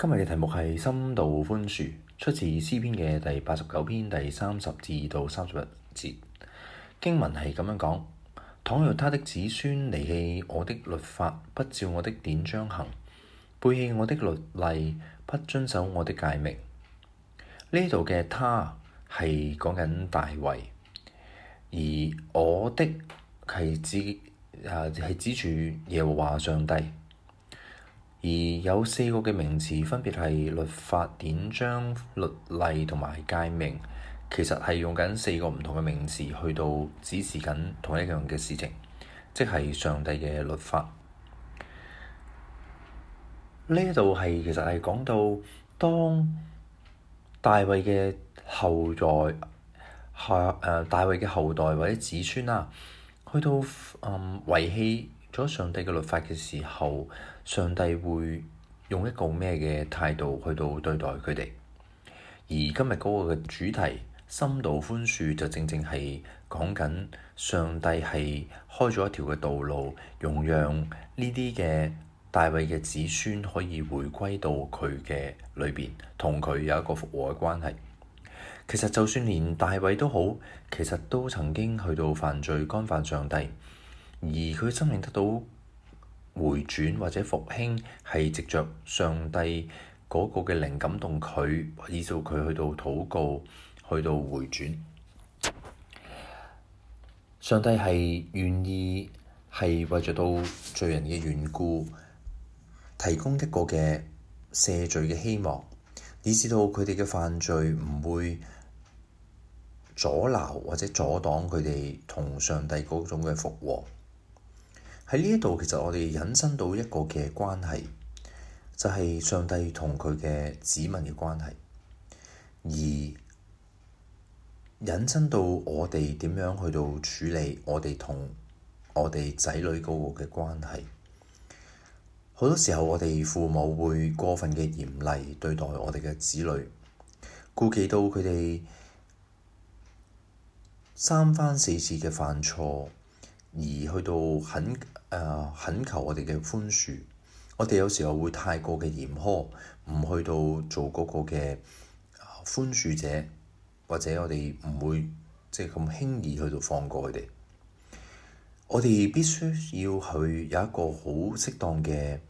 今日嘅題目係《深度寬恕》，出自《詩篇》嘅第八十九篇第三十至到三十一節。經文係咁樣講：倘若他的子孫離棄我的律法，不照我的典章行，背棄我的律例，不遵守我的誡命，呢度嘅他係講緊大衛，而我的係指啊係指住耶和華上帝。而有四個嘅名詞分別係律法、典章、律例同埋誡命，其實係用緊四個唔同嘅名詞去到指示緊同一樣嘅事情，即係上帝嘅律法。呢度係其實係講到當大衛嘅後代下誒、呃、大衛嘅後代或者子孫啊，去到嗯遺棄遺咗上帝嘅律法嘅時候，上帝會用一個咩嘅態度去到對待佢哋？而今日嗰個嘅主題《深度寬恕》就正正係講緊上帝係開咗一條嘅道路，容讓呢啲嘅大衛嘅子孫可以回歸到佢嘅裏邊同佢有一個復和嘅關係。其實就算連大衛都好，其實都曾經去到犯罪，干犯上帝。而佢生命得到回轉或者復興，係藉着上帝嗰個嘅靈感動佢，以致佢去到禱告，去到回轉。上帝係願意係為著到罪人嘅緣故，提供一個嘅赦罪嘅希望，以致到佢哋嘅犯罪唔會阻撓或者阻擋佢哋同上帝嗰種嘅復和。喺呢一度，其實我哋引申到一個嘅關係，就係上帝同佢嘅子民嘅關係，而引申到我哋點樣去到處理我哋同我哋仔女嗰個嘅關係。好多時候，我哋父母會過分嘅嚴厲對待我哋嘅子女，顧忌到佢哋三番四次嘅犯錯。而去到懇誒懇求我哋嘅寬恕，我哋有時候會太過嘅嚴苛，唔去到做嗰個嘅寬恕者，或者我哋唔會即係咁輕易去到放過佢哋。我哋必須要去有一個好適當嘅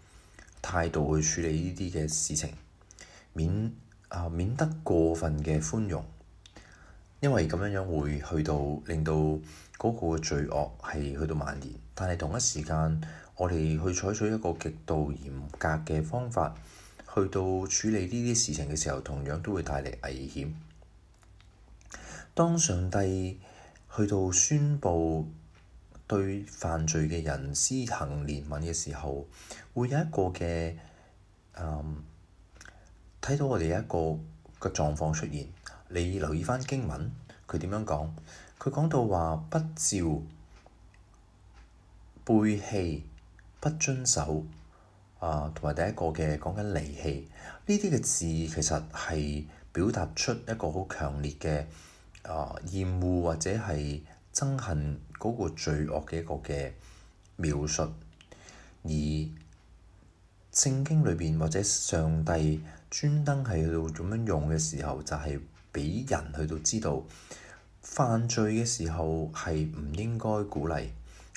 態度去處理呢啲嘅事情，免啊、呃、免得過分嘅寬容。因為咁樣樣會去到令到嗰個罪惡係去到蔓延，但係同一時間，我哋去採取一個極度嚴格嘅方法去到處理呢啲事情嘅時候，同樣都會帶嚟危險。當上帝去到宣布對犯罪嘅人施行憐憫嘅時候，會有一個嘅誒睇到我哋一個嘅狀況出現。你留意返經文，佢點樣講？佢講到話不照、背棄，不遵守啊，同埋第一個嘅講緊離棄呢啲嘅字，其實係表達出一個好強烈嘅啊厭惡或者係憎恨嗰個罪惡嘅一個嘅描述。而聖經裏邊或者上帝專登喺度咁樣用嘅時候，就係、是。俾人去到知道犯罪嘅時候係唔應該鼓勵，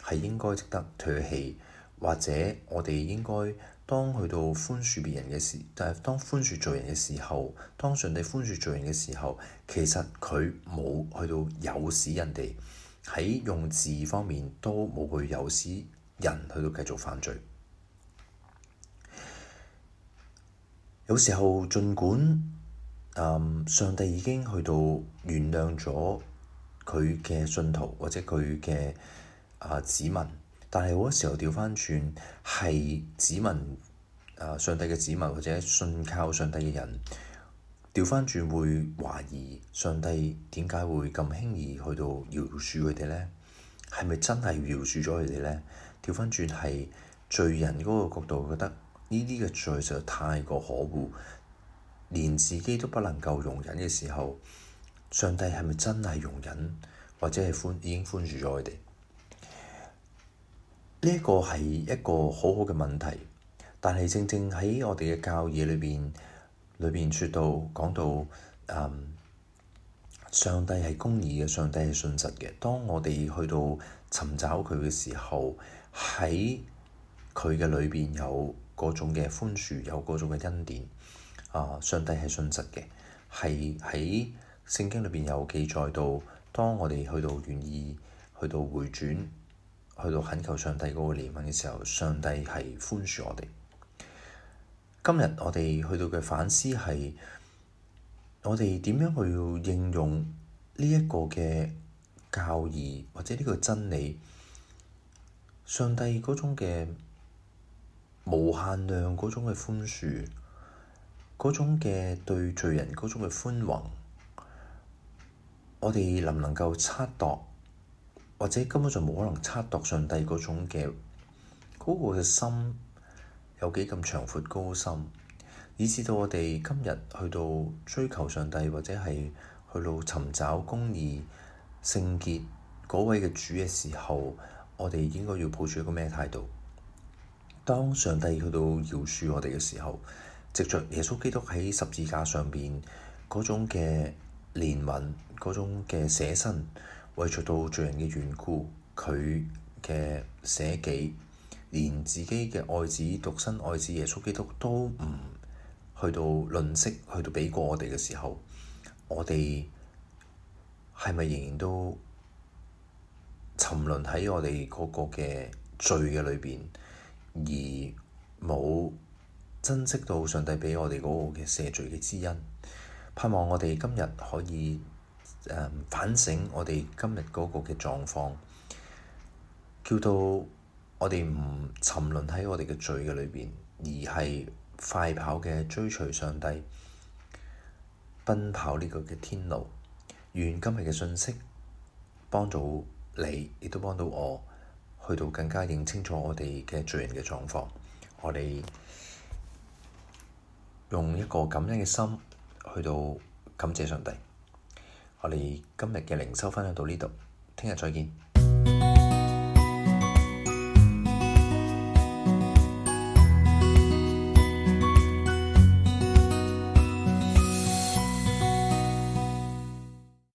係應該值得唾棄，或者我哋應該當去到寬恕別人嘅時，但係當寬恕罪人嘅時候，當上帝寬恕罪人嘅時候，其實佢冇去到誘使人哋喺用字方面都冇去誘使人去到繼續犯罪。有時候盡管。Um, 上帝已經去到原諒咗佢嘅信徒或者佢嘅啊子民，但係好多時候調翻轉係子民啊、呃、上帝嘅子民或者信靠上帝嘅人，調翻轉會懷疑上帝點解會咁輕易去到饒恕佢哋咧？係咪真係饒恕咗佢哋咧？調翻轉係罪人嗰個角度覺得呢啲嘅罪實在太過可惡。連自己都不能夠容忍嘅時候，上帝係咪真係容忍或者係寬已經寬恕咗佢哋？呢一個係一個好好嘅問題，但係正正喺我哋嘅教義裏面，裏面説到講到，嗯，上帝係公義嘅，上帝係信實嘅。當我哋去到尋找佢嘅時候，喺佢嘅裏面有各種嘅寬恕，有各種嘅恩典。啊！上帝係信實嘅，係喺聖經裏邊有記載到，當我哋去到願意去到回轉，去到懇求上帝嗰個憐憫嘅時候，上帝係寬恕我哋。今日我哋去到嘅反思係，我哋點樣去應用呢一個嘅教義或者呢個真理？上帝嗰種嘅無限量嗰種嘅寬恕。嗰種嘅對罪人嗰種嘅寬宏，我哋能唔能夠測度，或者根本就冇可能測度上帝嗰種嘅嗰個嘅心有幾咁長闊高深，以至到我哋今日去到追求上帝，或者係去到尋找公義、聖潔嗰位嘅主嘅時候，我哋應該要抱住一個咩態度？當上帝去到饒恕我哋嘅時候。藉着耶穌基督喺十字架上邊嗰種嘅憐憫、嗰種嘅捨身，為咗到罪人嘅緣故，佢嘅捨己，連自己嘅愛子獨生愛子耶穌基督都唔去到吝嗇去到畀過我哋嘅時候，我哋係咪仍然都沉淪喺我哋嗰個嘅罪嘅裏邊，而冇？珍惜到上帝畀我哋嗰個嘅赦罪嘅之恩，盼望我哋今日可以誒、呃、反省我哋今日嗰個嘅狀況，叫到我哋唔沉淪喺我哋嘅罪嘅裏邊，而係快跑嘅追隨上帝，奔跑呢個嘅天路。願今日嘅信息幫到你，亦都幫到我，去到更加認清楚我哋嘅罪人嘅狀況，我哋。用一個感恩嘅心去到感謝上帝。我哋今日嘅靈修分享到呢度，聽日再見。